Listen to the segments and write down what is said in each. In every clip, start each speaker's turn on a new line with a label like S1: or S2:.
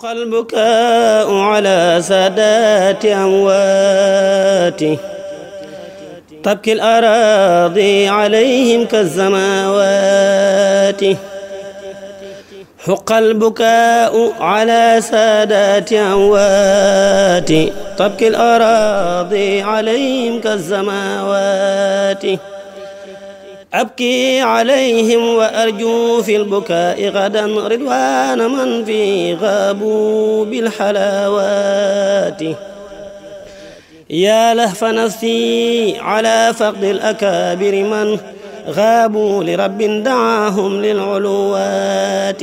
S1: حق البكاء على سادات أمواته تبكي الأراضي عليهم كالزماوات حق البكاء على سادات أموات تبكي الأراضي عليهم كالزماوات أبكي عليهم وأرجو في البكاء غدا رضوان من في غابوا بالحلاوات يا لهف نفسي على فقد الأكابر من غابوا لرب دعاهم للعلوات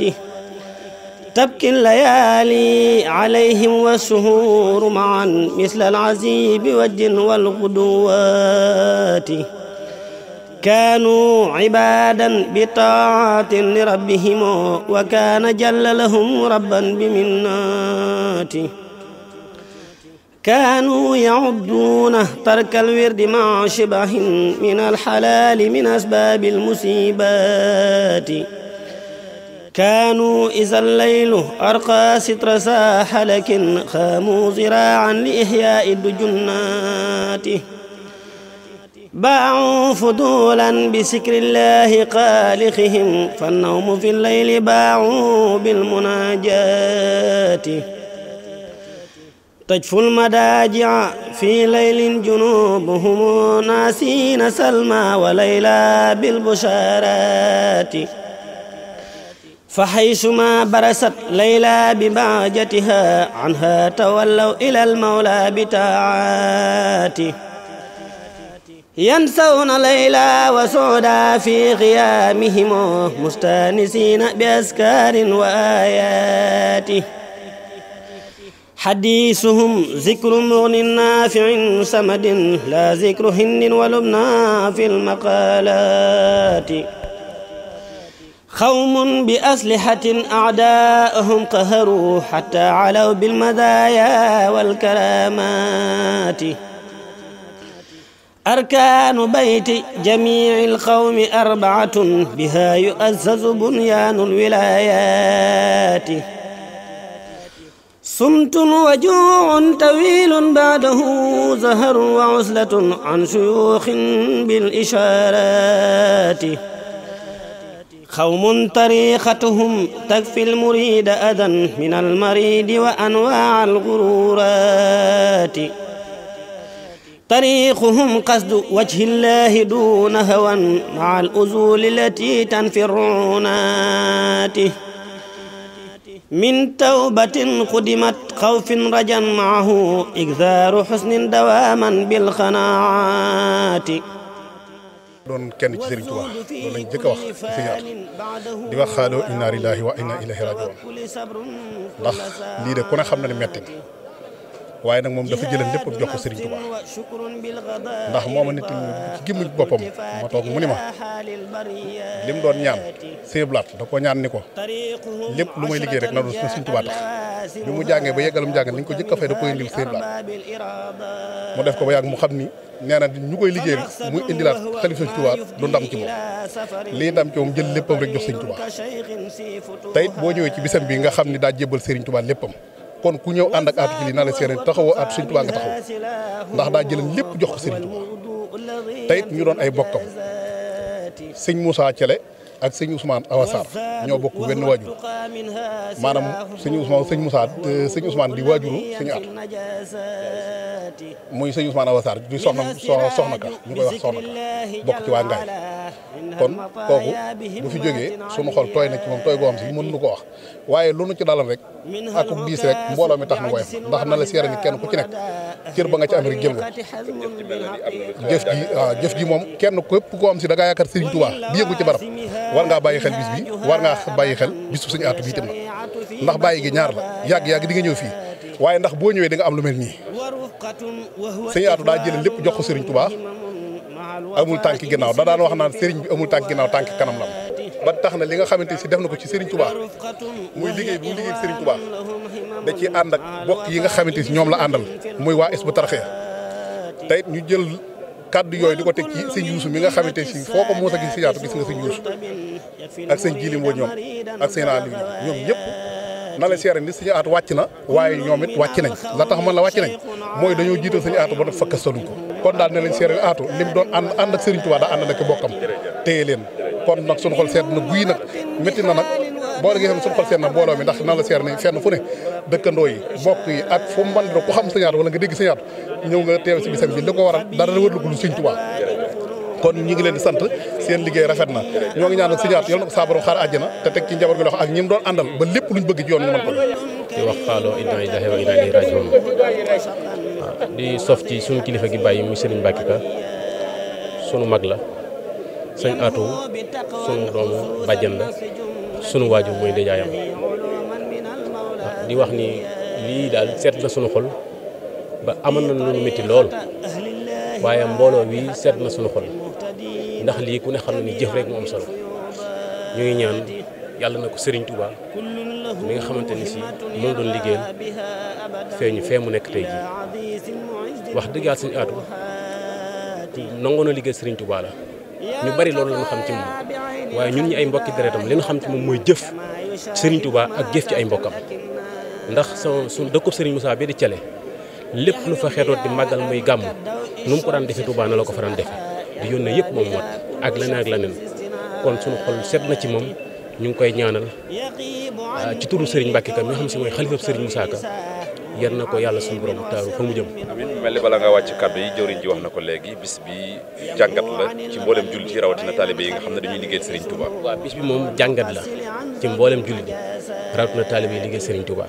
S1: تبكي الليالي عليهم والسهور معا مثل العزيب والجن والغدوات kaanu ibaadan bi taatin li rabbihim wa kaana jalla lahum rabban bi minnaati kaanu ya'udduuna tarkal wirdi ma'a shibahin min alxalaali min asbaabi almusiibaati kaanu iza allaylu arqaa sitra saa halakin xaamu ziraa'an li ihyaa'i dujunaati باعوا فضولا بسكر الله قالخهم فالنوم في الليل باعوا بالمناجات تجفو المداجع في ليل جنوبهم ناسين سلمى وليلى بالبشارات فحيثما برست ليلى ببهجتها عنها تولوا إلى المولى بتاعاته ينسون ليلى وسعدا في قيامهم مستانسين بأذكار وآياته حديثهم ذكر مغن نافع سمد لا ذكر هند ولبنى في المقالات قوم بأسلحة أعداءهم قهروا حتى علوا بالمزايا والكرامات arkaanu bayti jamiil qawmi arbaatun biha yu'azzazu bunyaanul wilaayaati sumtun wa juu'un tawiilun ba'dahu zaharun wa uzlatun an shuyuuxin bil ishaaraati qawmun tariiqatuhum takfil muriida adan minal mariidi wa anwaa'il guruuraati طريقهم قصد وجه الله دون هوى مع الأزول التي تنفروناته من توبة قدمت خوف رجا معه إكثار حسن دواما بالقناعات doon kenn ci Serigne Touba loolu lañ jëkk a wax si yaatu di wax xaaloo inna lillahi wa inna ilayhi rajiun ndax lii de ku ne xam na ne
S2: metti na waaye nag moom dafa jëlee lépp jox ko Serigne Touba ndax mooma nit ci gimmuñ boppam moo toog mu ni ma li mu doon ñaan séeblaat da koo ñaan ni ko lu may liggéey rek na doon Serigne Touba tax bi mu jàngee ba yeggalum jàng nañ ko jëkk a fay da koy indil séeblaat mu def ko ba yàgg mu xam ni nee na ñu koy liggéeyal muy indilaat xalif Serigne Touba du ndam ci moom lii ndam ci moom jël léppam rek jox Serigne
S1: Touba te it boo
S2: ñëwee ci bisam bi nga xam ni daa jébbal Serigne Touba léppam kon ku ñëw ànd ak aatu ci lii naa la seereen taxawoo aatu sëñ Tuubaa nga taxaw ndax daa jëlee lépp jox ko sëñ Tuubaa te it ñu doon ay bokkam sëñ Moussa Thielé ak sëñ Ousmane Awa ñoo bokk benn waajur maanaam sëñ Ousmane sëñ Moussa euh, sëñ Ousmane di waajuru sëñ at muy sëñ Ousmane Awa Sarr di soxna soxna ka ñu koy wax soxna ka bokk ci waa Ngaay kon kooku bu fi jógee sunu xol tooy na moom tooy goo xam si mën nu ko wax waaye lu nu ci dalal rek ak diis rek mbooloo mi tax na koy am ndax na la seere ni kenn ku ci nekk cër ba nga ci am rek jël nga jëf ji moom kenn képp koo am si da ngaa yaakaar Serigne di yëngu ci barab war ngaa bàyyi xel bis bi war ngaa bàyyi xel bis bu suñu aatu bi itam ndax bàyyi gi ñaar la yàgg-yàgg di nga ñëw fii waaye ndax boo ñëwee da am lu mel nii suñu aatu daa jël lépp jox ko Serigne Touba amul tànki ginnaaw da daan wax naan Serigne bi amul tànki ginnaaw tànki kanam la ba tax na li nga xamante si def na ko ci Serigne Touba muy liggéey bu liggéey Serigne Touba da ci ànd ak bokk yi nga xamante si ñoom la àndal muy waa Hizbut Tarqiyyah tey ñu jël kaddu yooyu di ko teg ci sëñ Yuusu mi nga xamante si foo ko mos a gis si yaatu gis nga sëñ Yuusu ak sëñ Jilim wa ñoom ak sëñ Aliou ñoom ñëpp na la seere ni sëñ aatu wàcc na waaye ñoom it wàcc nañ la tax man la wàcc nañ mooy dañoo jiital sëñ aatu ba def fakkastalu ko kon daal ne lañ seere aatu lim doon ànd ànd ak Sëriñ Tuubaa daa ànd na ki bokkam téye leen kon nag suñu xol seet na guy nag métti na nag boo la gisee suñu xol seet na mbooloo mi ndax na la seer ne fenn fu ne dëkkandoo yi bokk yi ak fu mu mën di ku xam Sëñ Aatu wala nga dégg Sëñ Aatu ñëw nga teew si bi bisam bi li ko waral dara wërlu ko lu Sëñ Tuubaa kon ñu ngi leen di sant seen liggéey rafet na ñoo ngi ñaanal Sëñ Aatu yal na ko saabaru xaar te teg ci njaboot gi loxo ak ñi mu doon àndal ba lépp luñ bëgg ci yoon
S3: ñu mën ko di wax xaaloo inna lillahi wa inna ilayhi rajiun di sof ci suñu kilifa gi bàyyi muy Sëriñ Mbàkke Ka sunu mag la Sëñ Aatu sunu doomu bàjjan la sunu waajur mooy nijaayam ah, di wax ni lii daal seet na sunu xol ba amoon na lu métti lool waaye mbooloo wi seet na sunu xol ndax lii ku ne xam ni jëf rek mu am solo ñu ngi ñaan yàlla na ko Serigne Touba mi nga xamante ni si moom doon liggéeyal feeñu fee mu nekk tey
S1: jii
S3: wax dëgg yàlla suñu aatu nangoo na liggéey Serigne Touba ñu bari loolu la ñu xam ci moom. waaye ñun ñi ay mbokki deretam li ñu xam ci moom mooy jëf sëriñ Touba ak jëf ci ay mbokkam ndax son suñ dëkkub Serigne Moussa bi di cele lépp lu fa xeetoot di màggal muy gàmm nu mu ko daan defee Touba na la ko fa daan defe di yónnee yëpp moom mot ak leneen ak leneen kon suñu xol set na ci moom ñu ngi koy ñaanal ah, ci turu Serigne Mbacke ñu mi nga xam si mooy xalifab Serigne Moussa yar na ko yàlla suñu borom taaru fa mu jëm amiin mel ni bala nga wàcc kàddu yi jëwriñ ji wax na ko léegi bis bi jàngat la ci mboolem jullit
S4: yi rawatina taalibe yi nga xam ne dañuy liggéey Serigne Touba
S3: bi moom jàngat la ci mboolem jullit yi rawatina taalibe yi liggéey Serigne Touba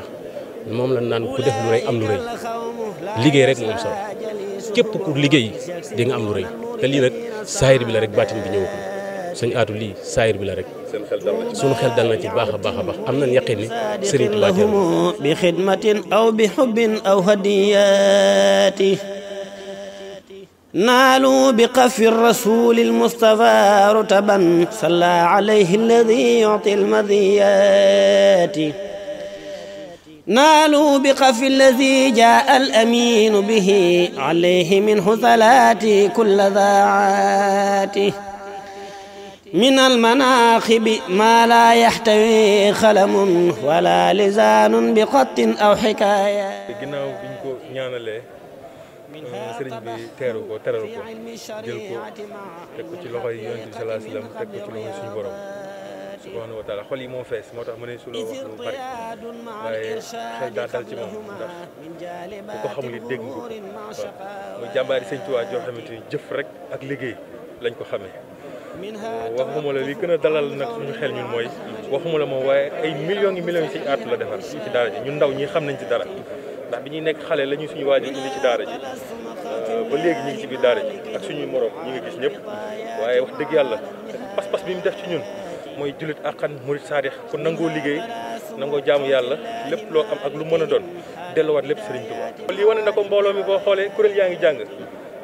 S3: moom la naan ku def lu rëy am lu rëy liggéey rek moom solo képp ku liggéey di nga am lu rëy te lii nag saayir bi la rek baatin bi ñëw ko sëñ aatu lii saayir bi la rek sunu xel dal na ci baax a baax a baax am nañ
S1: yaqin ni sëriñ Tuubaa bi xidmatin aw bi xubbin aw hadiyati naalu bi qafi rasuli almustafa rutaban salla alayhi alladi yuti almadiyati نالوا بقف الذي جاء الأمين به عليه منه ثلاث كل ذاعاته من المناخب ما لا يحتوي خلم ولا لسان بخط أو حكاية
S4: ginnaaw bi ñu ko ñaanalee euh, sëriñ bi teeru ko teral ko jël ko teg ko ci loxoy yonent bi salaa salaam teg ko ci loxoy suñu borom subhaanahu wa taala xol yi moo fees moo tax mu ne su la wax lu bari waaye xel daa dal ci moom ndax ku ko xamul it dégg nga ko
S1: waaw
S4: muy jàmbaari sëñ Tuubaa joo xamante ni jëf rek ak liggéey lañ ko xamee waxuma la li gën a dalal nag suñu xel ñun mooy waxuma la moom waaye ay millions yi millions yi ci aatu la defar ci daara ji ñun ndaw ñi xam nañ ci dara ndax bi ñuy nekk xale la ñu suñu waajur indi ci daara ji euh, ba léegi ñu ngi ci biir daara ji ak suñuy morom ñi nga gis ñëpp waaye wax dëgg yàlla pas-pas bi mu def ci ñun mooy jullit àqan murit saadix ku nangoo liggéey nangoo jaamu yàlla lépp loo am ak lu mën a doon delluwaat lépp sëriñ Tuubaa lii wane na ko mi boo xoolee kuréel yaa ngi jàng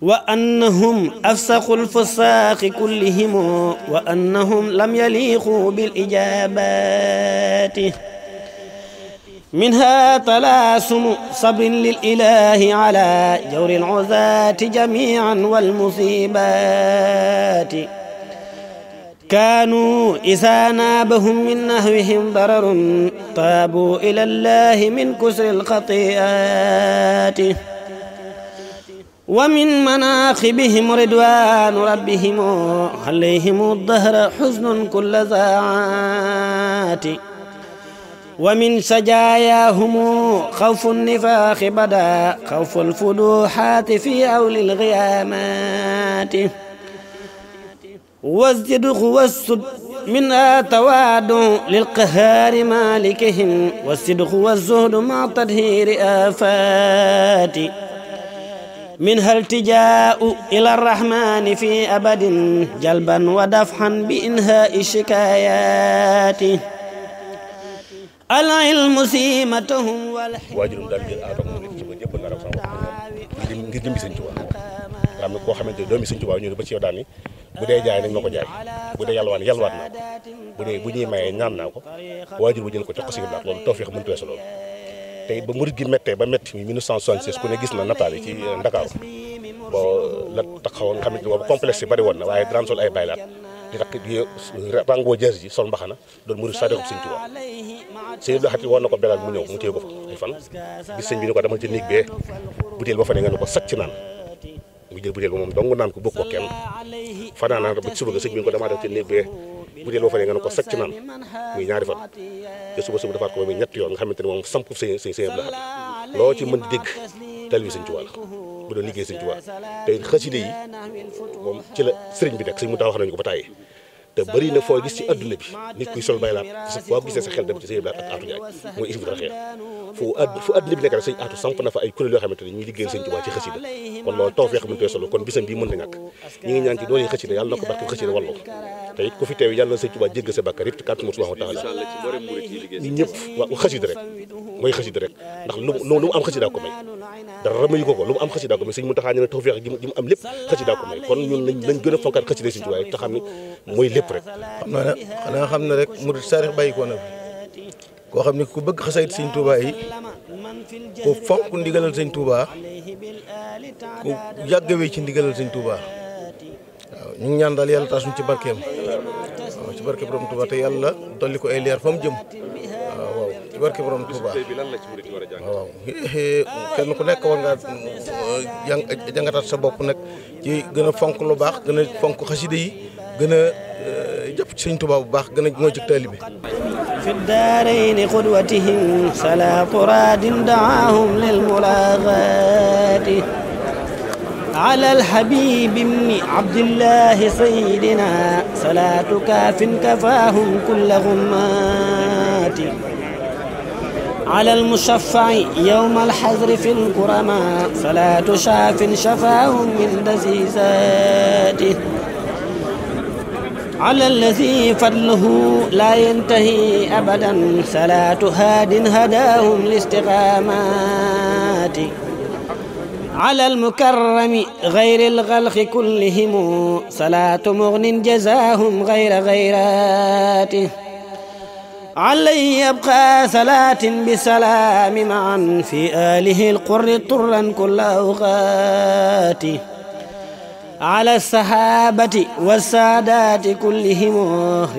S1: wa annahum afsaqul fusaaqi kullihim wa annahum lam yaliqu bil ijaabati minha talaasumu sabrin lil ilaahi ala jawri al uzaati jamiican wal musiibaati kaanuu izaa naabahum min nahwihim dararun taabuu ilallaahi min kusri al xatii'aati wa min manaqibihim ridwanu rabbihim alayhim dahra huznun kulla zaati wa min sajaayahum xawfu nifaaqi bada xawfu alfuduxaati fi awli alqiyaamati wasjud wassud min atawaadu lilqahaari malikihim wassidqu waszuhdu ma tadhiri afaati منها التجاء إلى الرحمن في أبد جلبا ودفعا بإنهاء شكاياته العلم سيمتهم
S5: والحلم ngir jëmbi sëñ Tuubaa nga xam ne koo xamante ne doomi sëñ Tuubaa ñëw ba ci yow daal ni bu dee jaay nañ ma ko jaay bu dee yàlwaan yàlwaat naa ko bu dee bu ñuy mayee ñaan naa ko waajur bu jël ko jox ko si loolu tawfeex mënut weesu loolu méttee ba murid gi méttee ba métti mi 1976 ku ne gis na nataal yi ci euh, Ndakaaru bon la taxawoon nga xam ne boobu complexe woon na waaye daan sol ay baylaat di takk euh, rangoo jees ji sol mbaxana doon murid sadiqub sëñ Tuubaa sëñ na ko belal mu ñëw mu ko fa ci néeg bee butéel ba fa ne nga ne mu jël butéel ba moom dong naan ko bëgg ko kenn fanaan naan ba ci ci néeg bee bu dee loo fa ne nga ne ko sacc naan muy ñaari fan te suba suba defaat ko ba muy ñetti yoon nga xamante ne moom sampu sëñ sëñ sëñ Abdou Lahad loo ci di dégg tali bi sëñ Tuubaa la bu doon liggéey sëñ a te xaside yi moom ci la sëriñ bi nekk sëñ mu taa wax nañu ko ba tàyyi te bari na foo gis ci adduna bi nit kuy sol baylaat boo gisee sa xel dem ci sëñ Abdou Lahad ak Atou mooy Hizbut Tarqiyyah fu ad fu adduna bi nekk rek sëñ Atou samp na fa ay kuréel ne ñuy liggéeyal sëñ Tuubaa ci xasida kon loolu taw feex mënutee ñi ñaan ci doole xasida yàlla na ko barke xasida walloo te it ku fi teew yàlla na sëñ Tuubaa sa bàkkaar yëpp ci kàttan mu subhaanahu wa taala ñëpp waaw xasida rek mooy xasida rek ndax lu lu mu am xasida ko may dara mayu ko ko lu mu am xasida ko may sëñ Muntaxa ne tawfeex gi mu am lépp xasida ko may kon ñun nañ nañ gën a lépp rek xam naa ne xam ne rek murid saarix bàyyi ko na fi koo xam ne ku bëgg xasayit sëñ Tuubaa yi ku fonk ndigalal sëñ Tuubaa ku yàggawee ci ndigalal sëñ Tuubaa waaw ñu ngi ñaan daal yàlla taas ci barkeem waaw ci barke borom Tuubaa te yàlla dolli ko ay leer fa mu jëm barke borom Touba waaw kenn ku nekk war ngaa eh, jàng jàngataat sa bopp nag ci gën a fonk lu baax gën a fonk xasida yi gën eh,
S1: sëñ Touba bu baax
S5: gën a moo jëg taalibe
S1: fi daarayni xudwatihim salaatu raadin daahum lil mulaaqaati على الحبيب ابن عبد الله سيدنا صلاة كاف كفاهم كل على المشفع يوم الحذر في الكرماء فلا تشاف شفاه من دزيزاته على الذي فضله لا ينتهي أبدا فلا تهاد هداهم لاستقامات على المكرم غير الغلق كلهم صلاة مغن جزاهم غير غيراته علي يبقى صلاة بسلام معا في آله القر طرا كل أوقات على الصحابة والسادات كلهم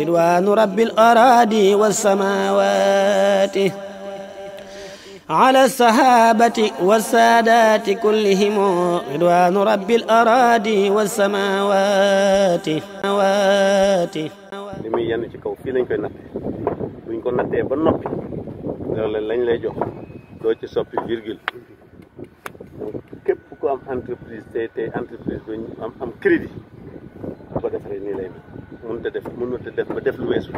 S1: رضوان رب الأراضي والسماوات على الصحابة والسادات كلهم رضوان رب الأراضي والسماوات
S5: li muy yenn ci kaw fii lañ koy natt buñ ko nattee ba noppi loolu lañ lay jox doo ci soppi virgule donc képp ku am entreprise tey tey entreprise bu am am crédit bu ko defaree nii lay mel mënut a def mënut a def ba def lu weesu